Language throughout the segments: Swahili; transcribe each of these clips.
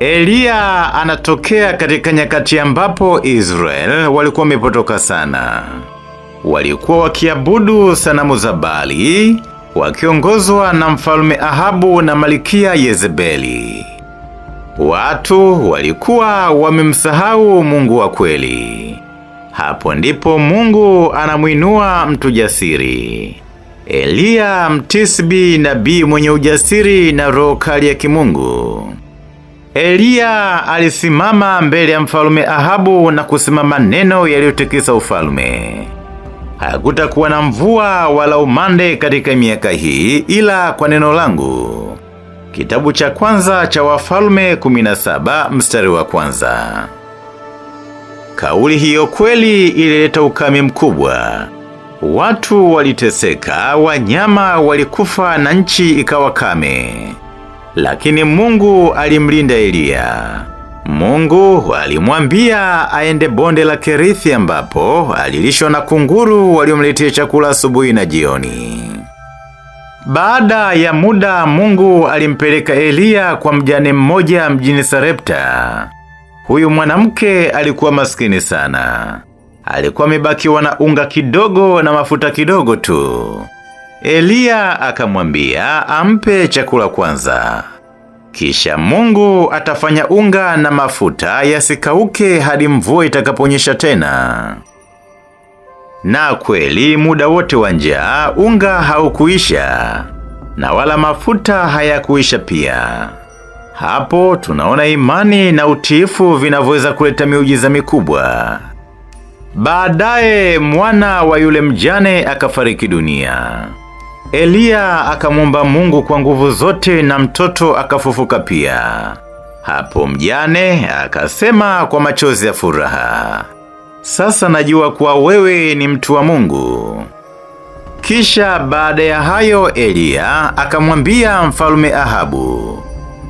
Eliya anatokea katika nyakati ambapo Israeli walikuwa wamepotoka sana. Walikuwa wakiabudu sanamu za Baali wakiongozwa na mfalme Ahabu na malikia Yezebeli. Watu walikuwa wamemsahau Mungu wa kweli. Hapo ndipo Mungu anamwinua mtu jasiri, Eliya mtisbi, nabii mwenye ujasiri na roho kali ya kimungu. Eliya alisimama mbele ya mfalume Ahabu na kusema maneno yaliyotikisa hakuta Hakutakuwa na mvua wala umande katika miaka hii ila kwa neno langu. Kitabu cha kwanza cha Wafalme 17 mstari wa kwanza. Kauli hiyo kweli ilileta ukame mkubwa. Watu waliteseka, wanyama walikufa na nchi ikawa kame. Lakini Mungu alimlinda Eliya. Mungu alimwambia aende bonde la Kerithi ambapo alilishwa na kunguru waliomletea chakula asubuhi na jioni. Baada ya muda Mungu alimpeleka Eliya kwa mjane mmoja mjini Sarepta. Huyu mwanamke alikuwa maskini sana. Alikuwa amebakiwa na unga kidogo na mafuta kidogo tu. Eliya akamwambia ampe chakula kwanza, kisha Mungu atafanya unga na mafuta yasikauke hadi mvua itakaponyesha tena. Na kweli muda wote wa njaa unga haukuisha na wala mafuta hayakuisha pia. Hapo tunaona imani na utiifu vinavyoweza kuleta miujiza mikubwa. Baadaye mwana wa yule mjane akafariki dunia. Eliya akamwomba Mungu kwa nguvu zote na mtoto akafufuka pia. Hapo mjane akasema kwa machozi ya furaha, sasa najua kuwa wewe ni mtu wa Mungu. Kisha baada ya hayo Eliya akamwambia mfalme Ahabu,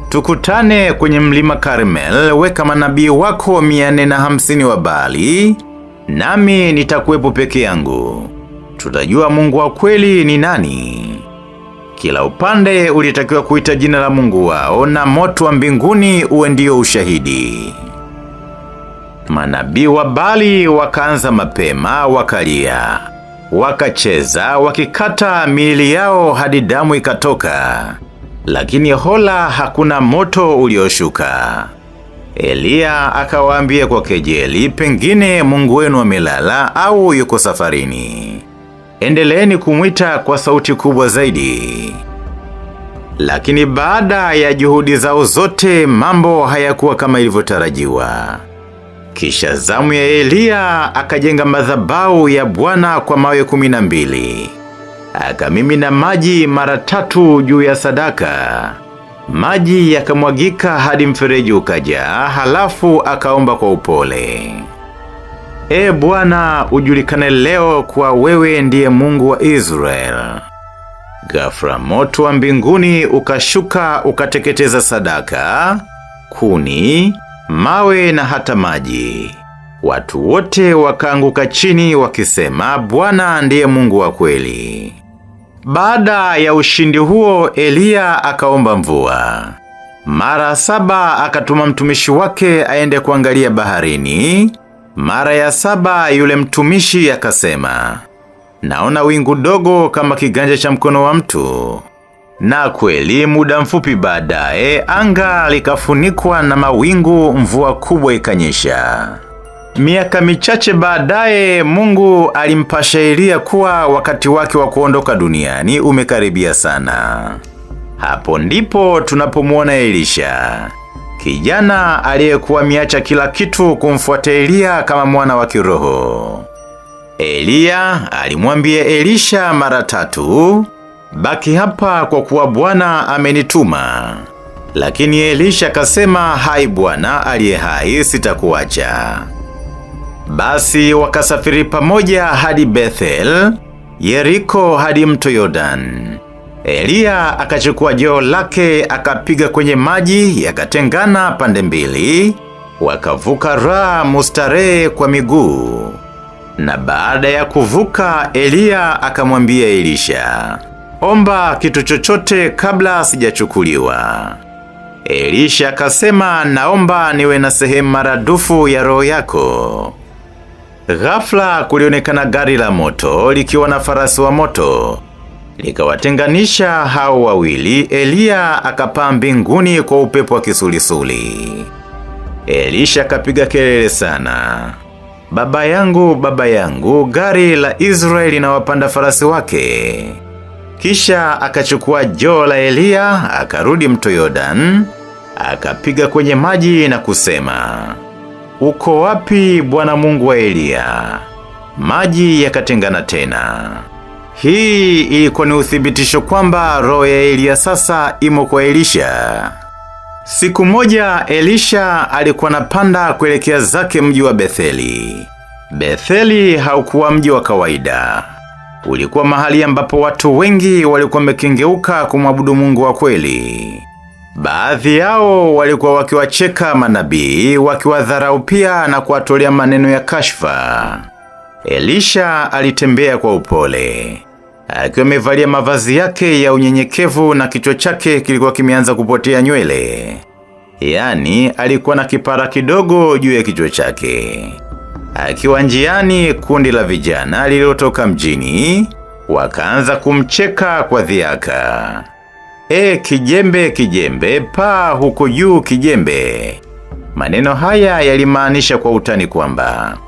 tukutane kwenye mlima Karmel, weka manabii wako mia nne na hamsini wa Baali, nami nitakuwepo peke yangu tutajua Mungu wa kweli ni nani. Kila upande ulitakiwa kuita jina la Mungu wao na moto wa mbinguni uwe ndio ushahidi. Manabii wa Bali wakaanza mapema, wakalia, wakacheza, wakikata miili yao hadi damu ikatoka, lakini hola hakuna moto ulioshuka. Eliya akawaambia kwa kejeli, pengine Mungu wenu amelala au yuko safarini endeleeni kumwita kwa sauti kubwa zaidi. Lakini baada ya juhudi zao zote, mambo hayakuwa kama ilivyotarajiwa. Kisha zamu ya Eliya akajenga madhabahu ya Bwana kwa mawe kumi na mbili akamimina maji mara tatu juu ya sadaka. Maji yakamwagika hadi mfereji ukajaa. Halafu akaomba kwa upole. Ee Bwana, ujulikane leo kwa wewe ndiye Mungu wa israel Ghafla moto wa mbinguni ukashuka ukateketeza sadaka, kuni, mawe na hata maji. Watu wote wakaanguka chini wakisema, Bwana ndiye Mungu wa kweli. Baada ya ushindi huo, Eliya akaomba mvua mara saba, akatuma mtumishi wake aende kuangalia baharini mara ya saba yule mtumishi akasema, naona wingu dogo kama kiganja cha mkono wa mtu. Na kweli muda mfupi baadaye anga likafunikwa na mawingu, mvua kubwa ikanyesha. Miaka michache baadaye Mungu alimpashairia kuwa wakati wake wa kuondoka duniani umekaribia sana. Hapo ndipo tunapomwona Elisha kijana aliyekuwa miacha kila kitu kumfuata Eliya kama mwana wa kiroho. Eliya alimwambia Elisha mara tatu, baki hapa kwa kuwa Bwana amenituma. Lakini Elisha akasema, hai Bwana aliye hai, sitakuacha. Basi wakasafiri pamoja hadi Bethel, Yeriko hadi mto Yordani. Eliya akachukua joo lake akapiga kwenye maji yakatengana pande mbili, wakavuka ra mustarehe kwa miguu. Na baada ya kuvuka, Eliya akamwambia Elisha, omba kitu chochote kabla sijachukuliwa. Elisha akasema, naomba niwe na sehemu maradufu ya roho yako. Ghafla kulionekana gari la moto likiwa na farasi wa moto likawatenganisha hao wawili. Eliya akapaa mbinguni kwa upepo wa kisulisuli. Elisha akapiga kelele sana, baba yangu, baba yangu, gari la Israeli na wapanda farasi wake. Kisha akachukua joo la Eliya akarudi mto Yordani akapiga kwenye maji na kusema, uko wapi Bwana Mungu wa Eliya? Maji yakatengana tena. Hii ilikuwa ni uthibitisho kwamba roho ya Eliya sasa imo kwa Elisha. Siku moja Elisha alikuwa anapanda kuelekea zake mji wa Betheli. Betheli haukuwa mji wa kawaida, ulikuwa mahali ambapo watu wengi walikuwa wamekengeuka kumwabudu Mungu wa kweli. Baadhi yao walikuwa wakiwacheka manabii, wakiwadharau pia na kuwatolea maneno ya kashfa. Elisha alitembea kwa upole, akiwa amevalia mavazi yake ya unyenyekevu na kichwa chake kilikuwa kimeanza kupotea nywele, yaani alikuwa na kipara kidogo juu ya kichwa chake. Akiwa njiani, kundi la vijana lililotoka mjini wakaanza kumcheka kwa dhiaka. E, kijembe kijembe, paa huko juu kijembe. Maneno haya yalimaanisha kwa utani kwamba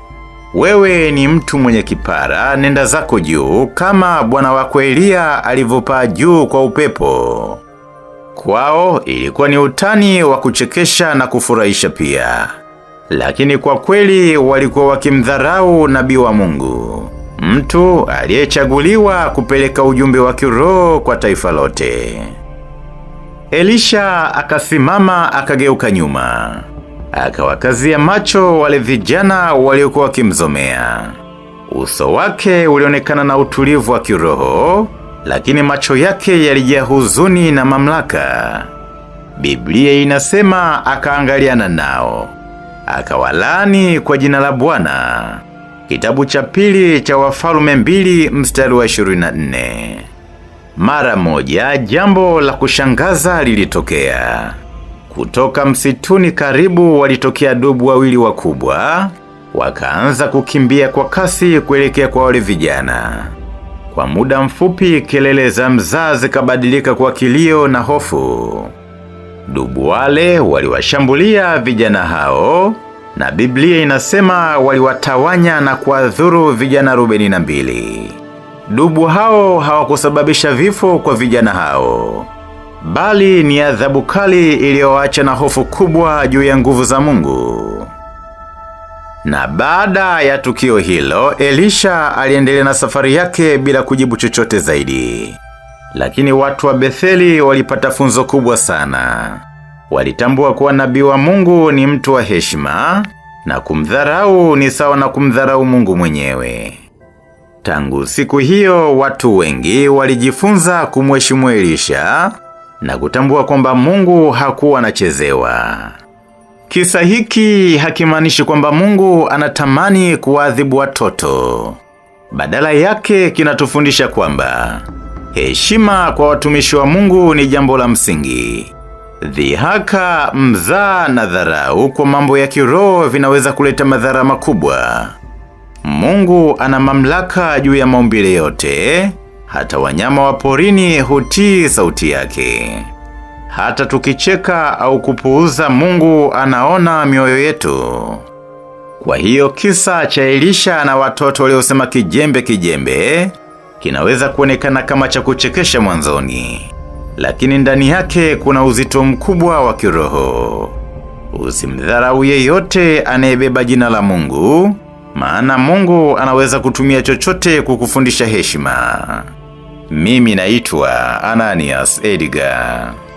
wewe ni mtu mwenye kipara, nenda zako juu, kama bwana wako Eliya alivyopaa juu kwa upepo. Kwao ilikuwa ni utani wa kuchekesha na kufurahisha pia, lakini kwa kweli walikuwa wakimdharau nabii wa Mungu, mtu aliyechaguliwa kupeleka ujumbe wa kiroho kwa taifa lote. Elisha akasimama akageuka nyuma akawakazia macho wale vijana waliokuwa wakimzomea. Uso wake ulionekana na utulivu wa kiroho, lakini macho yake yalijaa huzuni na mamlaka. Biblia inasema akaangaliana nao akawalaani kwa jina la Bwana. Kitabu cha pili cha Wafalume mbili mstari wa 24. Mara moja jambo la kushangaza lilitokea. Kutoka msituni karibu walitokea dubu wawili wakubwa, wakaanza kukimbia kwa kasi kuelekea kwa wale vijana. Kwa muda mfupi, kelele za mzaa zikabadilika kwa kilio na hofu. Dubu wale waliwashambulia vijana hao, na Biblia inasema waliwatawanya na kuwadhuru vijana arobaini na mbili. Dubu hao hawakusababisha vifo kwa vijana hao bali ni adhabu kali iliyoacha na hofu kubwa juu ya nguvu za Mungu. Na baada ya tukio hilo, Elisha aliendelea na safari yake bila kujibu chochote zaidi. Lakini watu wa Betheli walipata funzo kubwa sana. Walitambua kuwa nabii wa Mungu ni mtu wa heshima na kumdharau ni sawa na kumdharau Mungu mwenyewe. Tangu siku hiyo, watu wengi walijifunza kumheshimu Elisha na kutambua kwamba Mungu hakuwa anachezewa. Kisa hiki hakimaanishi kwamba Mungu anatamani kuwaadhibu watoto. Badala yake kinatufundisha kwamba heshima kwa watumishi wa Mungu ni jambo la msingi. Dhihaka, mzaa na dharau kwa mambo ya kiroho vinaweza kuleta madhara makubwa. Mungu ana mamlaka juu ya maumbile yote hata wanyama wa porini hutii sauti yake. Hata tukicheka au kupuuza, Mungu anaona mioyo yetu. Kwa hiyo kisa cha Elisha na watoto waliosema kijembe kijembe kinaweza kuonekana kama cha kuchekesha mwanzoni, lakini ndani yake kuna uzito mkubwa wa kiroho. Usimdharau yeyote anayebeba jina la Mungu, maana Mungu anaweza kutumia chochote kukufundisha heshima. Mimi naitwa Ananias Edgar.